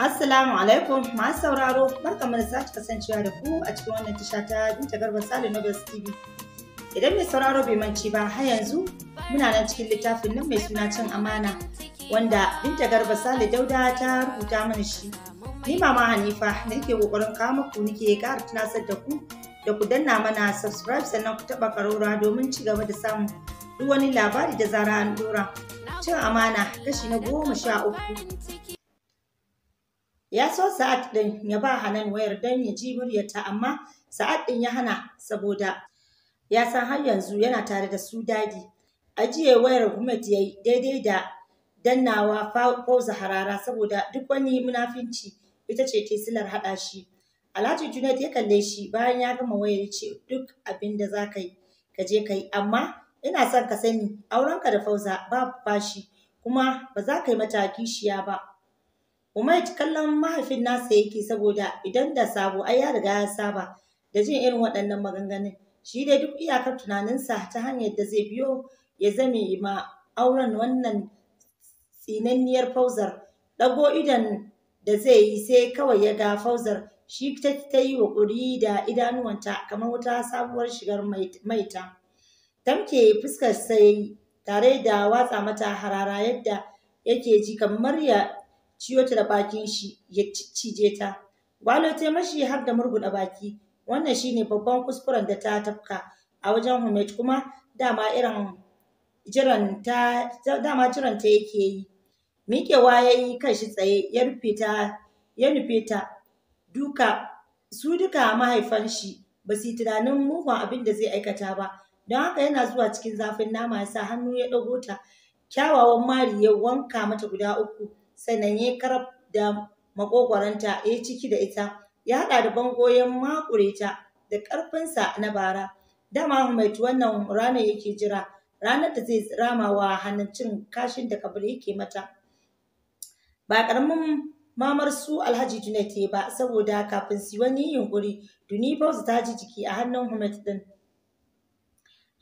Assalamu alaikum masu sauraro mu da sake kasancewa da ku a cikin wannan tasha ta Binta Garba Sale Novels TV. Idan mai sauraro bai manci ba har yanzu muna nan cikin littafin nan mai suna cin amana wanda Binta Garba Sale Dauda ta rubuta mana shi. Ni mama Hanifa nake kokarin kawo muku nake ƙara tunasar da ku da ku danna mana subscribe sannan ku taɓa karora domin ci gaba da samun duk wani labari da zara an dora. Cin amana kashi na goma sha uku Ya so Sa'ad ɗin ya ba Hanan wayar don ya ji muryarta amma Sa'ad ɗin ya hana saboda ya san har yanzu yana tare da su dadi. Ajiye wayar gwamnati ya daidai da dannawa fauza harara saboda duk wani munafinci ita ce ke silar haɗa shi. Alhaji Junaid ya kalle shi bayan ya gama wayar ce duk abin da za ka yi ka je ka yi amma ina son ka sani aurenka da fauza babu bashi kuma ba za ka yi mata kishiya ba Umaid kallon mahaifin nasa yake saboda idan da sabo ai ya riga ya saba da jin irin waɗannan maganganun. Shi dai duk iyakar tunaninsa ta hanyar da zai biyo ya zame ma auren wannan tsinanniyar fauzar. Ɗago idan da zai yi sai kawai ya ga fauzar shi ta yi wa ƙuri da idanuwanta kamar wata sabuwar shigar maita. Tamke fuskar sai tare da watsa mata harara yadda yake ji kamar ya ciyo ta da bakin shi ya cije ta gwalo ta mashi har da murguɗa baki wannan shine babban kuskuren da ta tafka a wajen Humet kuma dama irin jiran ta dama jiran ta yake yi miƙewa ya yi kan shi tsaye ya rufe ta ya nufe ta duka su duka mahaifan shi ba su tunanin mugun abin da zai aikata ba don haka yana zuwa cikin zafin nama ya sa hannu ya ɗago ta kyawawan mari ya wanka mata guda uku sannan ya karab da makogwaranta ya ciki da ita ya haɗa da bangoyen makureta da ƙarfinsa na bara dama Ahmed wannan ranar yake jira ranar da zai rama wa hannun cin kashin da kabir yake mata ba ƙaramin mamar su Alhaji Junet ya ba saboda kafin su wani yunkuri Duni Bausu ta ji jiki a hannun Ahmed din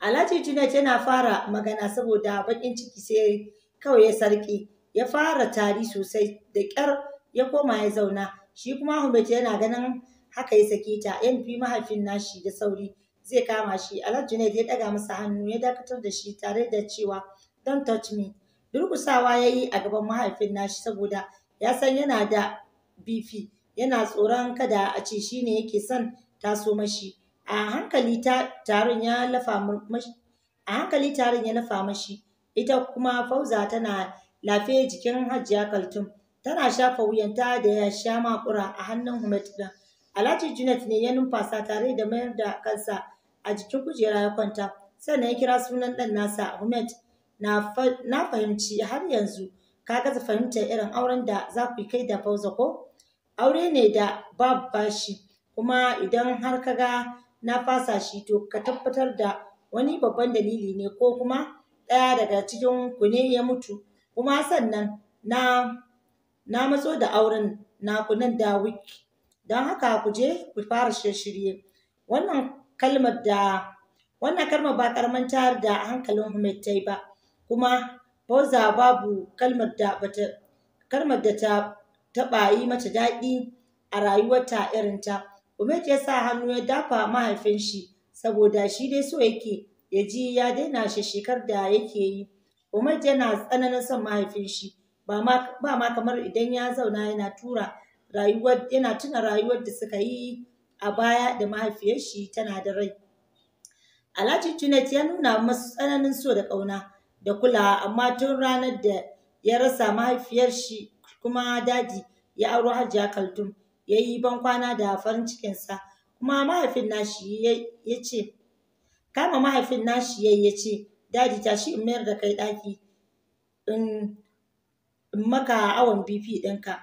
Alhaji Junet yana fara magana saboda baƙin ciki sai kawai ya sarki ya fara tari sosai da ƙyar ya koma ya zauna shi kuma Ahmed yana ganin haka ya sake ta yan fi mahaifin nashi da sauri zai kama shi Alhaji Junaid ya daga masa hannu ya dakatar da shi tare da cewa don't touch me durkusawa ya yi a gaban mahaifin nashi saboda ya san yana da bifi yana tsoron kada a ce shi ne yake son taso mashi a hankali tarin ya lafa mashi a hankali tarin ya lafa mashi ita kuma fauza tana lafiyar jikin hajiya kaltum tana shafa wuyanta da ya sha makura a hannun humet ɗin alhaji junet ne ya numfasa tare da mayar da kansa a jikin kujera ya kwanta sannan ya kira sunan ɗan nasa humet na fahimci har yanzu ka gaza fahimtar irin auren da za ku kai da fauza ko aure ne da babu bashi kuma idan har ka ga na fasa shi to ka tabbatar da wani babban dalili ne ko kuma ɗaya daga cikin ku ne ya mutu kuma sannan na na matso da auren naku nan da wiki don haka ku je ku fara shirye wannan kalmar da wannan kalmar ba karman tayar da hankalin hume ta ba kuma Fauza babu kalmar da bata kalmar da ta taba yi mata daɗi a rayuwarta irin ta. Humaid ya sa hannu ya dafa mahaifin shi saboda shi dai so yake ya ji ya daina shi shekar da yake yi Umar yana tsananin son mahaifin shi ba ma kamar idan ya zauna yana tura rayuwar yana tuna rayuwar da suka yi a baya da mahaifiyar shi tana da rai. Alhaji Junet ya nuna masu tsananin so da ƙauna da kulawa amma tun ranar da ya rasa mahaifiyar shi kuma daji ya auro Hajiya Kaltum ya yi kwana da farin cikinsa kuma mahaifin nashi ya ce kama mahaifin nashi ya ce daji tashi in mayar da kai ɗaki in maka awon bp ɗinka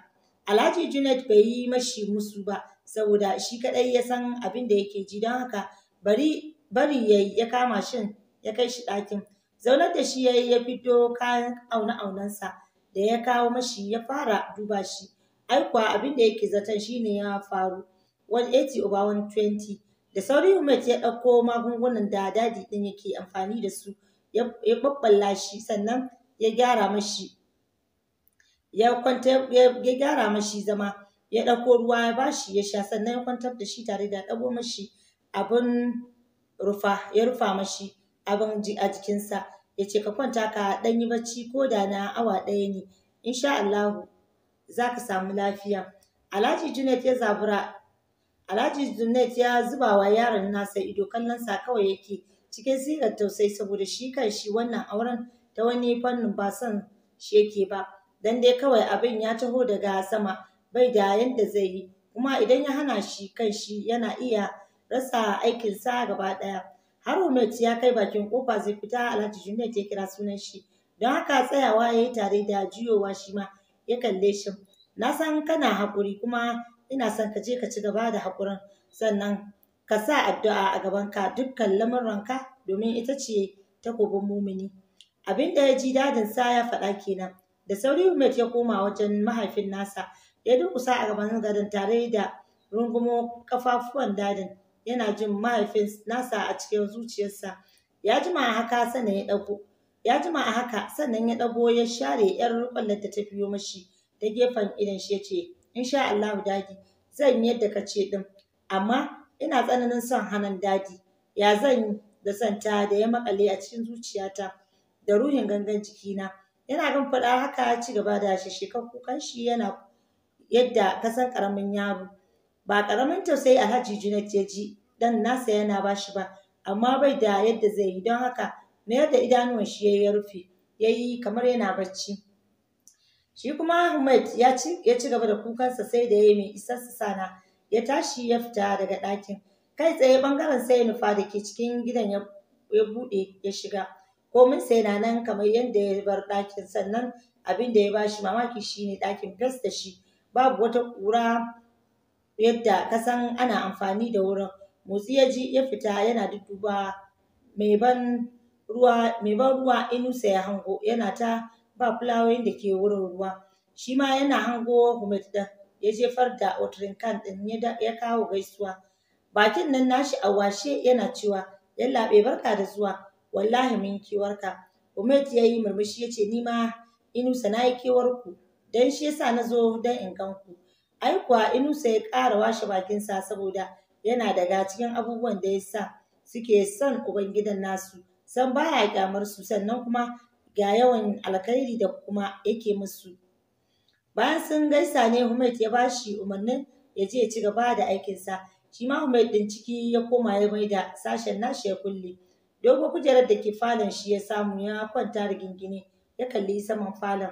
alhaji junaid bai yi mashi musu ba saboda shi kadai ya san abin da yake ji don haka bari bari ya ya kama shin ya kai shi ɗakin zaunar da shi ya yi ya fito kayan aune-aunensa da ya kawo mashi ya fara duba shi aikuwa abin da yake zaton shine ya faru 180 over 120 da sauri Umet ya ɗauko magungunan da dadi ɗin yake amfani da su ya ɓaɓɓalla shi sannan ya gyara mashi ya kwanta ya gyara mashi zama ya ɗauko ruwa ya bashi ya sha sannan ya kwantar da shi tare da ɗago mashi abin rufa ya rufa mashi abin a jikinsa ya ce ka kwanta ka ɗan yi bacci ko da na awa ɗaya ne insha Allahu za ka samu lafiya Alhaji Junet ya zabura Alhaji Junet ya zuba wa yaron nasa ido kallon sa kawai yake cikin sigar tausayi saboda shi kan shi wannan auren ta wani fannin ba son shi yake ba dan dai kawai abin ya taho daga sama bai da yanda zai yi kuma idan ya hana shi kan shi yana iya rasa aikin sa gaba ɗaya har Umet ya kai bakin kofa zai fita Alhaji Junet ya kira sunan shi don haka tsayawa ya yi tare da juyowa shi ma ya kalle shi na san kana haƙuri kuma ina son ka je ka ci gaba da haƙurin sannan ka sa addu'a a gabanka dukkan lamuranka domin ita ce takobin mumini abin da ya ji dadin sa ya faɗa kenan da sauri mai ya koma wajen mahaifin nasa ya durkusa a gaban gadon tare da rungumo kafafuwan dadin yana jin mahaifin nasa a cikin zuciyarsa ya jima a haka sannan ya ɗago ya jima a haka sannan ya ɗago ya share yar kwallon da ta biyo mashi ta gefen idan shi ya ce sha Allahu dadi zan yadda ka ce din amma ina tsananin son hannun dadi ya zan yi da santa da ya makale a cikin zuciyata da ruhin gangan jikina yana gan faɗa haka ya ci gaba da shi. shekar kukan shi yana yadda kasan karamin yaro ba ƙaramin tausayi alhaji junet ya ji dan nasa yana ba shi ba amma bai da yadda zai yi don haka mayar da idanuwan shi ya rufe ya yi kamar yana barci. shi kuma Ahmed ya ci gaba da kukansa sai da ya yi mai sa na. ya tashi ya fita daga ɗakin kai tsaye bangaren sai nufa da ke cikin gidan ya buɗe ya shiga komin sai na nan kamar yadda ya bar ɗakin sannan abin da ya bashi mamaki shine ɗakin fes da shi babu wata ƙura yadda kasan ana amfani da wurin motsi ya ji ya fita yana dudduba mai ban ruwa mai ban ruwa ya hango yana ta ba fulawoyin da ke wurin ruwa shi ma yana hango humet ya jefar da otrinkan ɗin ya kawo gaisuwa bakin nan nashi a washe yana cewa yallaɓe barka da zuwa wallahi min kiwarka!" umet ya murmushi yace ni ma Inusa na yi kewar ku dan shi yasa na zo dan in ganku ku ai kuwa Inusa ya ƙara washe bakinsa saboda yana daga cikin abubuwan da ya sa suke son ubangidan nasu san baya kyamar su sannan kuma ga yawan alkhairi da kuma yake musu bayan sun gaisa ne Humaid ya bashi umarnin ya je ya ci gaba da aikinsa shi ma Humaid din ciki ya koma ya mai da sashen nashi ya kulle dogo kujerar da ke falon shi ya samu ya kwanta da gingine ya kalli saman falon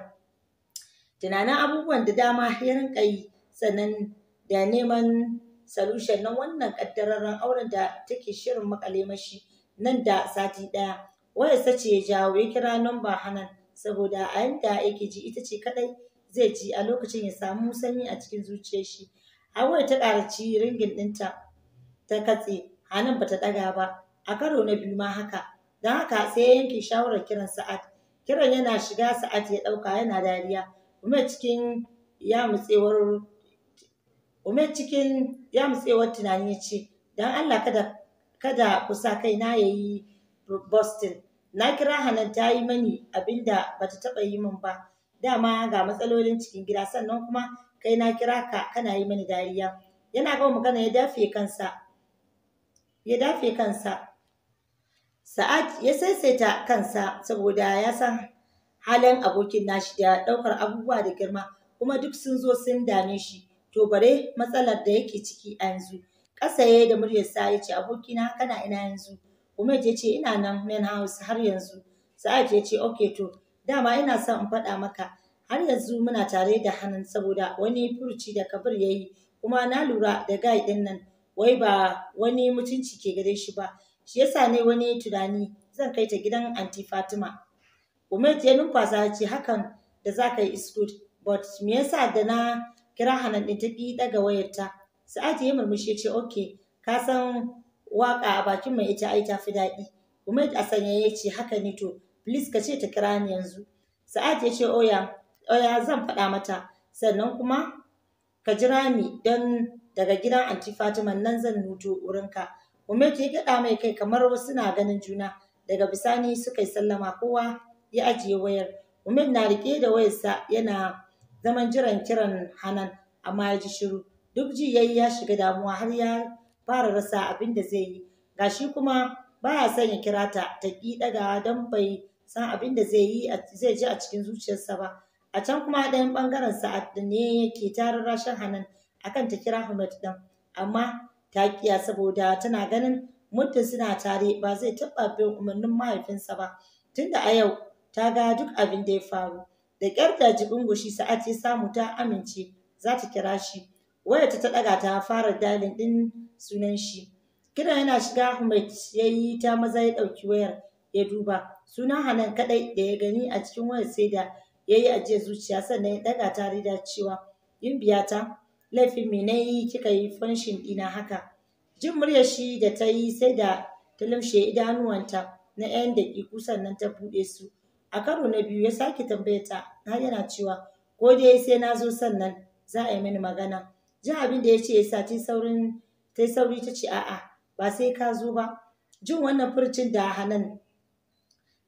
tunanin abubuwan da dama ya rinka yi sannan da neman solution na wannan kaddararren auren da take shirin makale mashi nan da sati daya wayarsa sace ya jawo ya kira number hanan saboda a yanda yake ji ita ce kadai zai ci a lokacin ya samu sanyi a cikin zuciyar shi Hawwa ta ci ringin ɗinta ta katse ba ta ɗaga ba a karo na biyu ma haka don haka sai ya yanke shawarar kiran Sa'ad kiran yana shiga Sa'ad ya ɗauka yana dariya Umar cikin yamutsewar tunani ya ce don Allah kada kada ku kai na ya yi Boston na kira hannun ta yi mani abinda bata taɓa yi min ba dama ga matsalolin cikin gida sannan kuma kai na kira ka kana yi mini dariya yana gama magana ya dafe kansa ya dafe kansa sa'ad ya saisaita kansa saboda ya san halin abokin nashi da ɗaukar abubuwa da girma kuma duk sun zo sun dame shi to bare matsalar da yake ciki a yanzu ƙasa ya yi da muryarsa ya ce abokina kana ina yanzu Umar ya ce ina nan main house har yanzu Sa'ad ya ce okay to dama ina son in faɗa maka har yanzu muna tare da hannun saboda wani furuci da kabir ya yi kuma na lura da gai ɗin nan wai ba wani mutunci ke gare shi ba shi yasa ne wani tunani zan kai ta gidan anti fatima umet ya numfasa ce hakan da za ka yi iskut but me yasa da na kira hannun ɗin ta ƙi daga wayarta sa'ati ya murmushi ce ok ka san waka a bakin mai ita ai ta fi daɗi umet a sanya ya ce haka ne to please ka ce ta kira ni yanzu sa'ad ya ce oya oya zan faɗa mata sannan kuma ka jira ni don daga gidan anti fatima nan zan hutu wurinka kuma ya gaɗa mai kai kamar wasu na ganin juna daga bisani suka yi sallama kowa ya ajiye wayar umaru na riƙe da wayarsa yana zaman jiran kiran hanan amma ya ji shiru duk ji yayi ya shiga damuwa har ya fara rasa abin da zai yi gashi kuma baya son ya kira ta ta ƙi ɗagawa don bai san abin da zai yi zai ji a cikin zuciyarsa ba a can kuma ɗayan ɓangaren sa'ad ne yake tarin rashin hanan akan ta kira Humet ɗin amma ta kiya saboda tana ganin muddin suna tare ba zai taɓa bin umarnin mahaifinsa ba tunda a yau ta ga duk abin da ya faru da ƙyar ta ji gushi sa'ad ya samu ta amince za ta kira shi wayarta ta ɗaga ta fara dalin ɗin sunan shi kiran yana shiga Humet ya yi ta maza ya ɗauki wayar ya duba sunan hanan kadai da ya gani a cikin wayar sai da ya yi ajiyar zuciya sannan ya daga ta rida cewa gimbiya ta laifin me na yi kika yi fanshin dina haka jin muryar shi da ta yi sai da ta limshe idanuwanta na 'yan daƙiƙu sannan ta buɗe su a karo na biyu ya sake tambayar ta har yana cewa ko dai sai na zo sannan za a yi mini magana jin abin da ya ce ya sa ta saurin ta sauri ta ce a'a ba sai ka zo ba jin wannan furcin da hanan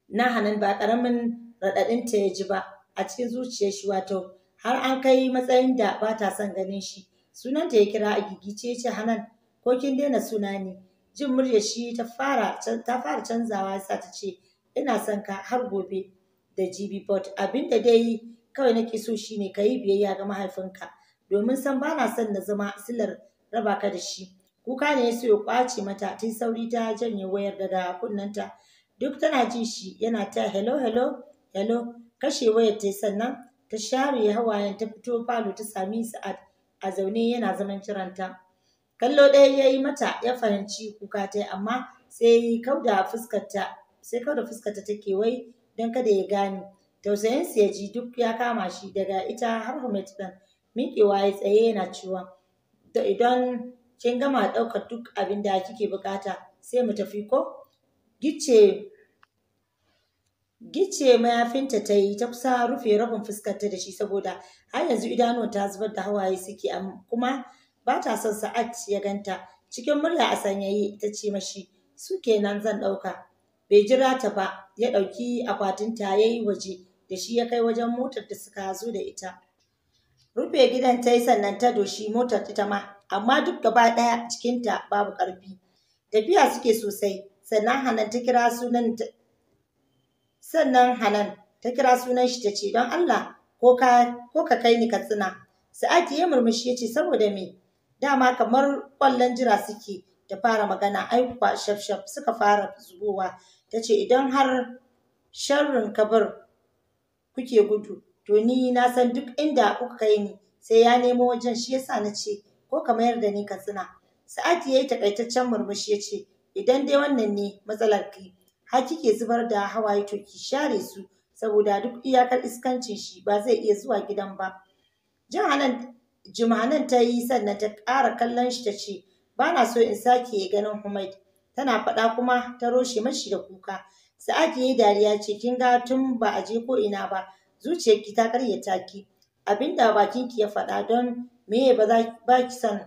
Na hannun ba ƙaramin raɗaɗin ta ya ji ba a cikin zuciyar shi wato har an kai matsayin da ba ta son ganin shi Sunan ta ya kira a gigice ce hanan ko kin daina suna ne jin muryar shi ta fara ta fara canzawa sa ta ce ina son ka har gobe da GB Bot abinda dai kawai nake so ne ka yi biyayya ga mahaifinka domin san bana son na zama silar raba ka da shi kuka ne so ya kwace mata tun sauri ta janye wayar daga kunnanta duk tana jin shi yana ta hello hello hello kashe wayar ta sannan ta share hawayen ta fito falo ta sami sa'ad a zaune yana zaman kiranta kallo ɗaya ya yi mata ya fahimci kuka ta amma sai kauda fuskarta sai kauda fuskarta take wai don kada ya gane tausayin ya ji duk ya kama shi daga ita har Hamid ɗin miƙewa ya tsaye yana ciwon idan kin gama ɗaukar duk abin da kike buƙata sai mu tafi ko Gice mayafinta ta yi ta kusa rufe rabin fuskarta da shi saboda har yanzu idanu ta zubar da hawaye suke kuma ba ta son sa'ad ya ganta cikin murya a sanyaye ta ce mashi su kenan zan ɗauka bai jira ta ba ya ɗauki akwatin ta ya yi waje da shi ya kai wajen motar da suka zo da ita rufe gidan ta yi sannan ta doshi motar ita ma amma duk gaba ɗaya cikinta babu ƙarfi tafiya suke sosai sannan hanan ta kira sunan sannan hanan ta kira sunan shi ta ce don Allah ko ka kai ni katsina sa'adi ya murmushi ya ce saboda me dama kamar kwallon jira suke ta fara magana ai kuwa shafshaf suka fara zubowa ta ce idan har sharrin kabar kuke gudu to ni na san duk inda kuka kai ni sai ya nemo wajen shi yasa na ce ko ka mayar da ni katsina sa'adi ya yi takaitaccen murmushi ya ce idan dai wannan ne matsalar ki har kike zubar da hawaye to ki share su saboda duk iyakar iskancin shi ba zai iya zuwa gidan ba jihanan jimanan ta yi sannan ta ƙara kallon shi ta ce ba na so in sake ganin humaid tana faɗa kuma ta roshe mashi da kuka sa'aki yi dariya ce kin ga tun ba a je ko ina ba zuciyarki ta karyata ki abinda bakinki ya faɗa don me ba ki son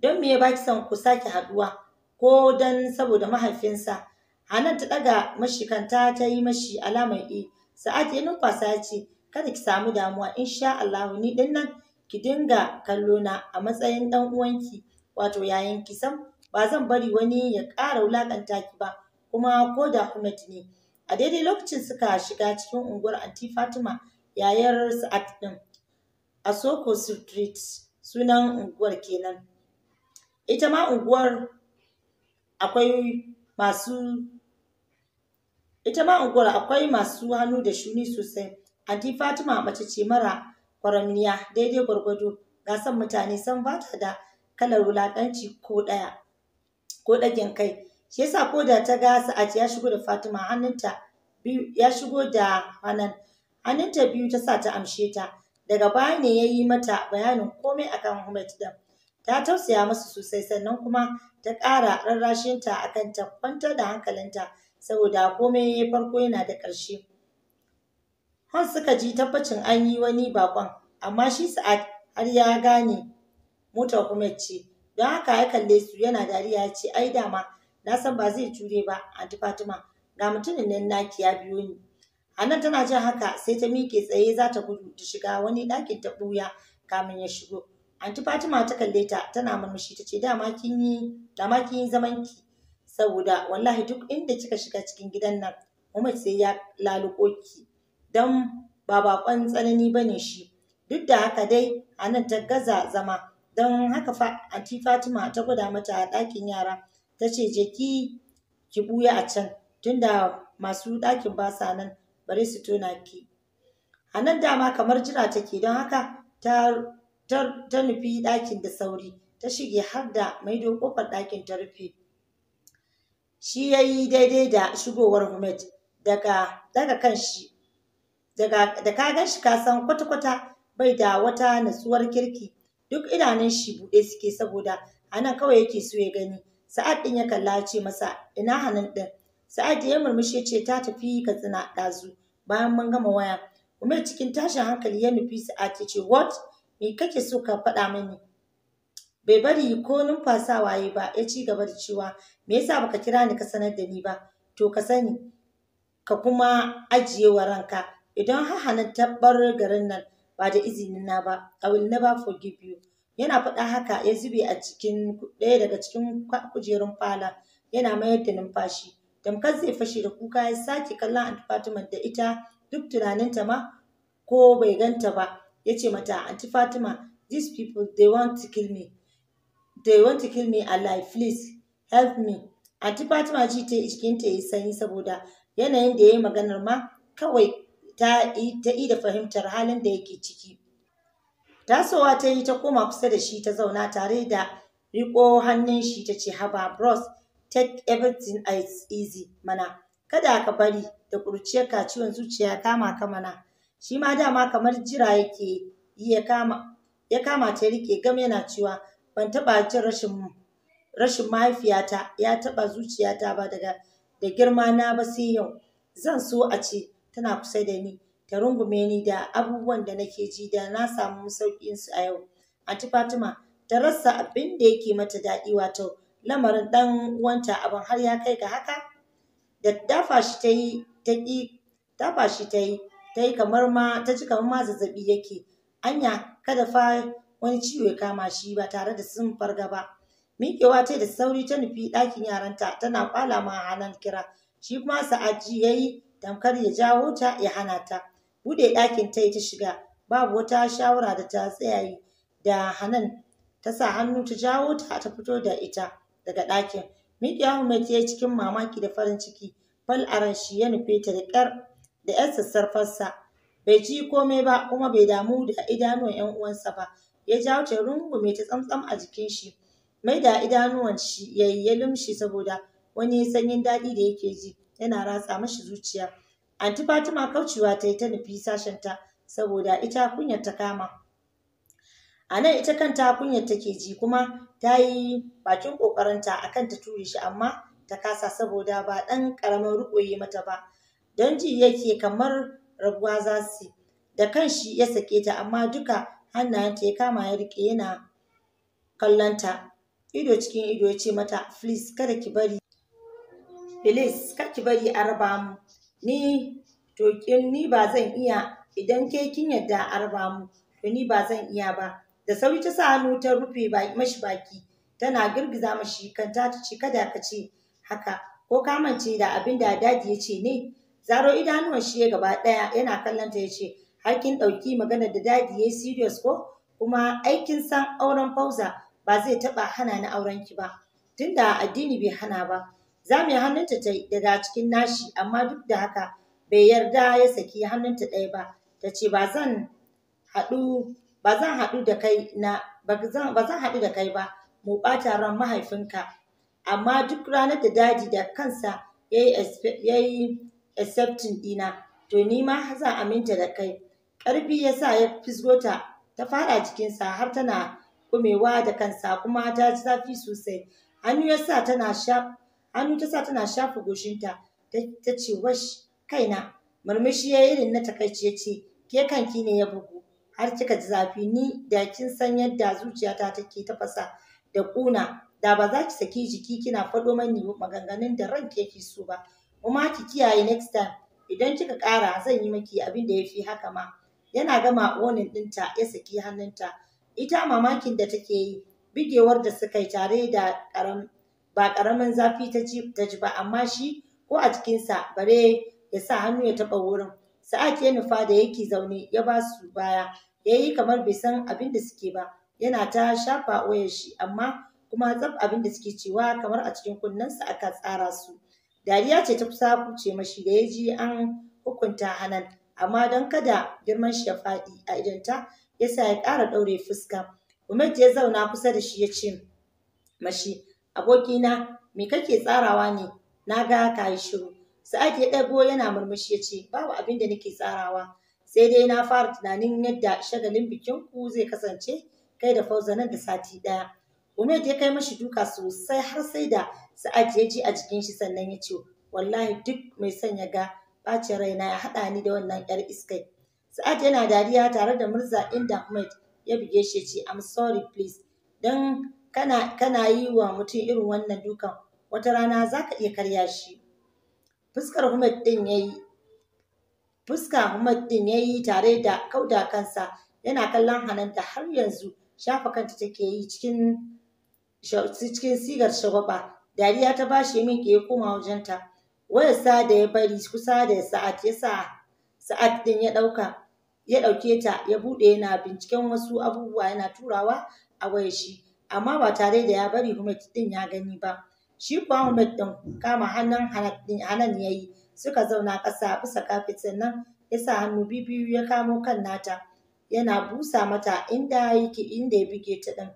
don meye ba ki son ku sake haɗuwa ko dan saboda mahaifinsa Hanan ta ɗaga mashi kanta ta yi mashi alamar e Sa'ad ya numfasa ya ce kada ki samu damuwa insha Allah ni din nan ki dinga kallo na a matsayin dan uwanki wato yayin ki san ba zan bari wani ya ƙara wulakanta ki ba kuma ko da Ahmed ne a daidai lokacin suka shiga cikin unguwar Anti Fatima yayar Sa'ad din a Street sunan unguwar kenan ita ma unguwar akwai masu ita ma unguwar akwai masu hannu da shuni sosai anti fatima mace ce mara kwaramniya daidai gwargwado ga san mutane san ba ta da kalar wulaƙanci ko ɗaya ko ɗagen kai shi yasa ko da ta ga sa'ad ya shigo da fatima hannunta biyu ya shigo da hannunta biyu ta sa ta amshe ta daga baya ne ya yi mata bayanin komai akan Ahmed din ta tausaya masa sosai sannan kuma ta ƙara rarrashinta a kan ta kwantar da hankalinta saboda komai ya farko yana da ƙarshe. Hon suka ji tabbacin an yi wani bakon amma shi sa'ad har ya gane motar kuma ce don haka ya kalle su yana dariya ya ce ai dama na san ba zai ture ba anti Fatima ga mutumin nan naki ya biyo ni. Hanan tana jin haka sai ta miƙe tsaye za ta gudu ta shiga wani ɗakin ta ɓuya kamin ya shigo. anti fatima ta kalle ta tana murmushi ta ce dama kin yi dama kin yi zaman ki saboda wallahi duk inda kika shiga cikin gidan nan Muhammad sai ya laluko ki dan ba bakon tsanani bane shi duk da haka dai anan ta gaza zama don haka fa anti fatima ta gwada mata a ɗakin yara ta ce je ki ki buya a can tunda masu ɗakin ba sa nan bari su tona ki a dama kamar jira take don haka ta ta nufi ɗakin da sauri ta shige har da maido ƙofar ɗakin ta rufe shi ya yi daidai da shigowar humed daga daga kan shi da ka gan shi kasan kwata-kwata bai da wata natsuwar kirki duk idanun shi buɗe suke saboda anan kawai yake so ya gani sa'ad ɗin ya kalla ce masa ina hanan ɗin sa'ad ya murmushi yace ce ta tafi katsina ɗazu bayan mun gama waya umar cikin tashin hankali ya nufi sa'ad ya ce what me kake so ka faɗa mani bai bari ko numfasawa yi ba ya ci gaba da cewa me yasa baka kira ni ka sanar da ni ba to ka sani ka kuma ajiye wa ranka idan hana tabbar garin nan ba da izinin na ba I will never forgive you yana faɗa haka ya zube a cikin ɗaya daga cikin kujerun falon. yana mayar da numfashi tamkar zai fashe da kuka ya sake kallon Aunt Fatima da ita duk tunaninta ma ko bai ganta ba ya ce mata anti fatima these people they want to kill me they want to kill me alive please help me anti fatima ji ta jikinta yi sanyi saboda yanayin da ya yi maganar ma kawai ta yi da fahimtar halin da yake ciki tasowa ta yi ta koma kusa da shi ta zauna tare da riko hannun shi ta ce haba bros take everything as easy mana kada ka bari da ka ciwon zuciya kama ka mana shi ma dama kamar jira yake yi ya kama ya kama ta rike gam yana cewa ban taɓa jin rashin rashin mahaifiyata ya taɓa zuciyata ba daga da girma na ba sai yau zan so a ce tana kusa da ni ta rungume ni da abubuwan da nake ji da na samu sauƙin su a yau anti Fatima ta rasa abin da yake mata daɗi wato lamarin ɗan uwanta abin har ya kai ga haka da dafa shi ta yi ta ƙi dafa shi ta yi ta yi kamar ma ta ji kamar ma zazzaɓi yake anya kada fa wani ciwo ya kama shi ba tare da sun farga ba miƙewa ta da sauri ta nufi ɗakin yaranta tana kwala ma hanan kira shi kuma sa'aji ya yi tamkar ya jawo ta ya hana ta buɗe ɗakin ta yi ta shiga babu wata shawara da ta yi da hanan ta sa hannu ta jawo ta ta fito da ita daga ɗakin miƙewa mai ta cikin mamaki da farin ciki fal aran shi ya nufe ta da ƙyar da ‘yar sassarfarsa. Bai ji komai ba kuma bai damu da idanuwan ‘yan uwansa ba. Ya jawo ta rungume ta tsamtsam a jikin shi. Mai da idanuwan shi ya ya lumshi saboda wani sanyin daɗi da yake ji yana ratsa mashi zuciya. Anti Fatima kaucewa ta yi ta nufi sashenta saboda ita kunyar ta kama. A nan ita kanta kunyar take ji kuma ta yi bakin ƙoƙarinta akan ta ture shi amma ta kasa saboda ba ɗan ƙaramin riƙo mata ba. don ji yake kamar rabuwa za su da kanshi ya sake ta amma duka hannayenta ya kama ya rike yana kallonta ido cikin ido ya ce mata please kada ki bari please kada ki bari a raba mu ni to ni ba zan iya idan ke kin yadda a raba mu to ni ba zan iya ba da sauri ta sa hannu ta rufe mashi baki tana girgiza mashi kanta ta ce kada ka ce haka ko ka kamance da abin da dadi ya ce ne Zaro idanuwan shi gaba ɗaya yana kallon ta ya har kin ɗauki magana da dadi yayi yi serious ko? Kuma aikin san auren fauza ba zai taɓa hana ni auren ki ba. Tunda addini bai hana ba. yi hannunta ta daga cikin nashi amma duk da haka bai yarda ya saki hannunta ɗaya ba. Ta ce ba zan haɗu ba zan haɗu da kai na ba zan haɗu da kai ba mu ɓata ran mahaifinka amma duk ranar da daji da kansa ya yi accepting ɗina to ni ma a aminta da kai karfi ya sa ya fisgo ta ta cikin sa har tana kumewa da kansa kuma ta ji zafi sosai hannu ya sa tana hannu ta sa tana shafa goshinta ta ce wash kaina murmushi ya irin na takaici ya ce ke kanki ne ya bugu har kika ji zafi ni da kin san yadda zuciyata take tafasa da ƙuna da ba za ki saki jiki kina faɗo mani maganganun da ranki yake so ba kuma ki kiyaye next time idan kika ƙara zan yi maki abin da ya fi haka ma yana gama onin ɗinta ya saki hannunta ita mamakin da take yi bigewar da suka yi tare da karam, ba ƙaramin zafi ta ji ba amma shi ko a cikinsa bare ya sa hannu ya taɓa wurin sa'ad ya nufa da yake zaune ya ba su baya ya yi kamar bai san abin da suke ba yana ta shafa wayar shi amma kuma tsaf abin da suke cewa kamar a cikin kunnensa aka tsara su Dariya ce ta kusa kuce mashi da ya ji an hukunta Hanan, amma don kada girman shi ya faɗi a idanta, ya sa ya ƙara ɗaure fuska. umar ya zauna kusa da shi ya ce mashi, abokina, me kake tsarawa ne? Na ga ka yi shiru. Sa'ad ya ɗago yana murmushi ya ce, babu abin da nake tsarawa, sai dai na fara tunanin yadda shagalin bikin ku zai kasance kai da fauzanan da sati ɗaya. Umar ya kai mashi duka sosai har sai da Sa'ad ya ji a jikin shi sannan ya ce wallahi duk mai son ya ga ɓacin raina ya haɗa ni da wannan ƴar iskai. Sa'ad yana dariya tare da Murza inda Ahmed ya buge shi ce I'm sorry please don kana kana yi wa mutum irin wannan dukan wata rana za ka iya karya shi. Fuskar Ahmed ɗin ya yi fuska Ahmed ɗin ya yi tare da kauda kansa yana kallon hananta har yanzu shafa kanta take yi cikin cikin sigar shagwaba dariya ta bashi min ke ya koma wajenta wayarsa da ya bari kusa da sa'at ya sa sa'ad din ya dauka ya ɗauke ta ya bude yana binciken wasu abubuwa yana turawa a wayar shi amma ba tare da ya bari Humed din ya gani ba shi kuwa Muhammad din kama hannun Hanan yayi. yayi suka zauna kasa, bisa kafin sannan ya sa hannu bibiyu ya kamo kan nata yana busa mata inda ya bige ta ɗin.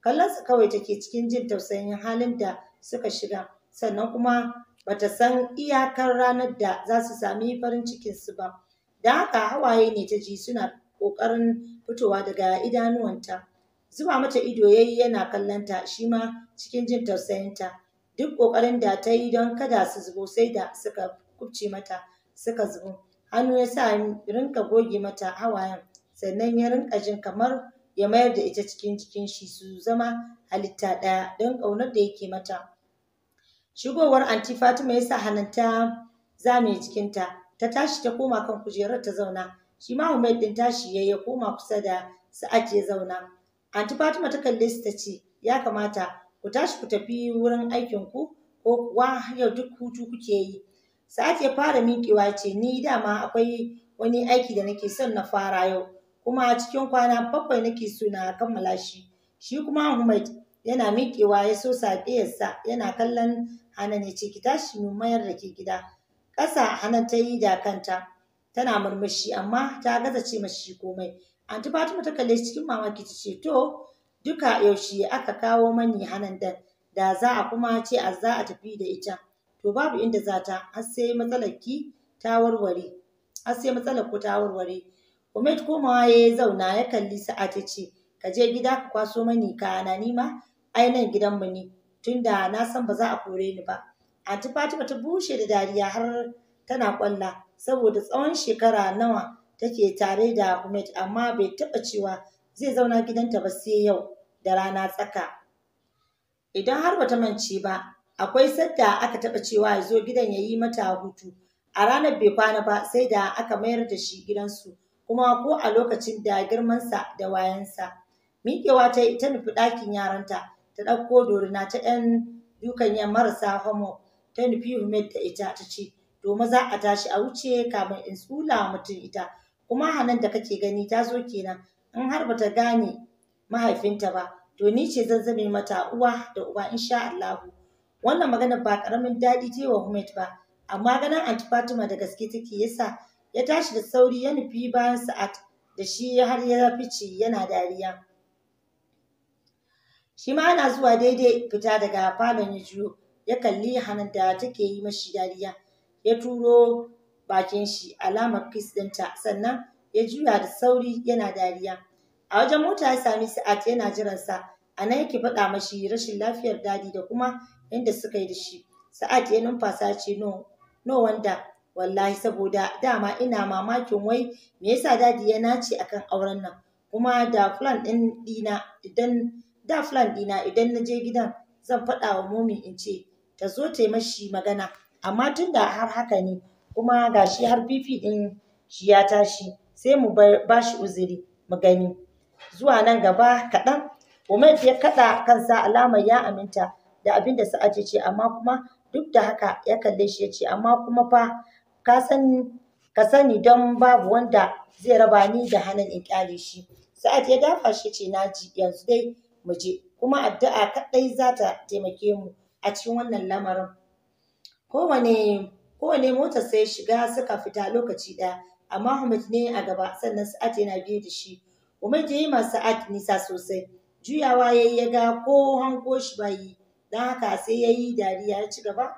kallonsa kawai take cikin jin tausayin halin da suka shiga sannan kuma bata san iyakar ranar da za su sami farin cikinsu ba da haka hawaye ne ta ji suna ƙoƙarin fitowa daga idanuwanta zuba mata ido yayi yana kallonta shi ma cikin jin tausayinta duk ƙoƙarin da ta yi don kada su zubo sai da suka kubce mata suka zubo hannu ya sa rinka goge mata hawayen sannan ya rinka jin kamar ya mayar da ita cikin cikin shi su zama halitta ɗaya don ƙaunar da yake mata. Shigowar anti Fatima ya sa ta zame jikinta, ta tashi ta koma kan kujerar ta zauna, shi ma Umar ɗin tashi ya koma kusa da Sa'ad ya zauna. Anti Fatima ta kalle su ta ce, ya kamata ku tashi ku tafi wurin aikin ku ko kuwa yau duk hutu kuke yi. Sa'ad ya fara miƙewa ce, ni dama akwai wani aiki da nake son na fara yau. kuma a cikin kwana bakwai nake suna na kammala shi shi kuma Ahmad yana miƙewa ya so sa yana kallon Hanan ya ce ki tashi mu mayar da ke gida ƙasa Hanan ta yi da kanta tana murmushi amma ta gaza ce mashi komai anti Fatima ta kalle cikin mamaki ta ce to duka yaushe aka kawo mani Hanan dan da za a kuma ce a za a tafi da ita to babu inda za ta har sai matsalar ki ta warware har sai matsalar ku ta warware Umaid kuma ya yi zauna ya kalli Sa'a ta ce, ka je gida ka kwaso mani kayana ni ma ai nan gidanmu ne tunda na san ba za a kore ni ba. Anti ba ta bushe da dariya har tana kwalla saboda tsawon shekara nawa take tare da Umaid amma bai taɓa cewa zai zauna gidanta ba sai yau da rana tsaka. Idan har bata mance ba, akwai sadda aka taɓa cewa ya zo gidan ya yi mata hutu. A ranar bai kwana ba sai da aka mayar da shi gidansu. kuma ko a lokacin da girmansa da wayansa. Miƙewa ta yi ta nufi ɗakin yaranta ta ɗauko dorina ta ‘yan dukan yan marasa homo ta nufi Humed da ita ta ce to za a tashi a wuce kafin in tsula mutum ita kuma hanan da kake gani ta zo kenan in har bata gane mahaifinta ba to ni ce zan zame mata uwa da uba insha Allahu wannan magana ba karamin daɗi ce wa Humed ba amma ganin Antifatima Fatima da gaske take yasa ya tashi da sauri ya nufi bayan sa'ad da shi har ya fice yana dariya shi ma ana zuwa daidai fita daga falon ya juyo ya kalli hannun da take yi mashi dariya ya turo bakin shi alamar kis ɗinta sannan ya juya da sauri yana dariya a wajen mota ya sami sa'ad yana jiransa a nan yake faɗa mashi rashin lafiyar dadi da kuma inda suka yi da shi sa'ad ya numfasa ce no no wanda wallahi saboda dama ina mamakin wai me yasa dadi ya nace akan auren nan kuma da plan din dina idan da plan dina idan na je gidan zan faɗa wa mumi in ce ta zo ta yi mashi magana amma tunda har haka ne kuma ga shi har bifi din shi ya tashi sai mu ba shi uzuri mu gani zuwa nan gaba kaɗan Umar ya kaɗa kansa alamar ya aminta da abin da Sa'ad ce amma kuma duk da haka ya kalle shi ya ce amma kuma fa ka sani ka don babu wanda zai raba ni da hannun in kyale shi. Sa'ad ya dafa shi ce na ji yanzu dai mu je kuma addu'a kaɗai za ta taimake mu a cikin wannan lamarin. Kowane kowane motar sai shiga suka fita lokaci ɗaya amma Ahmad ne a gaba sannan Sa'ad yana biye da shi. Umar ya yi ma Sa'ad nisa sosai juyawa yayi yi ya ga ko hango shi ba yi don haka sai yayi dariya ya ci gaba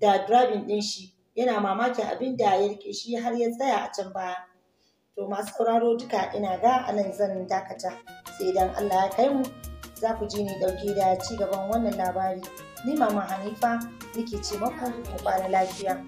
da drabin ɗin shi yana mamakin abin da ya rike shi har ya tsaya a can baya to masu sauraro duka ina ga anan zan dakata sai dan Allah ya kai mu za ku ji ni dauke da ci gaban wannan labari ni mama Hanifa nake ce maku ku kwana lafiya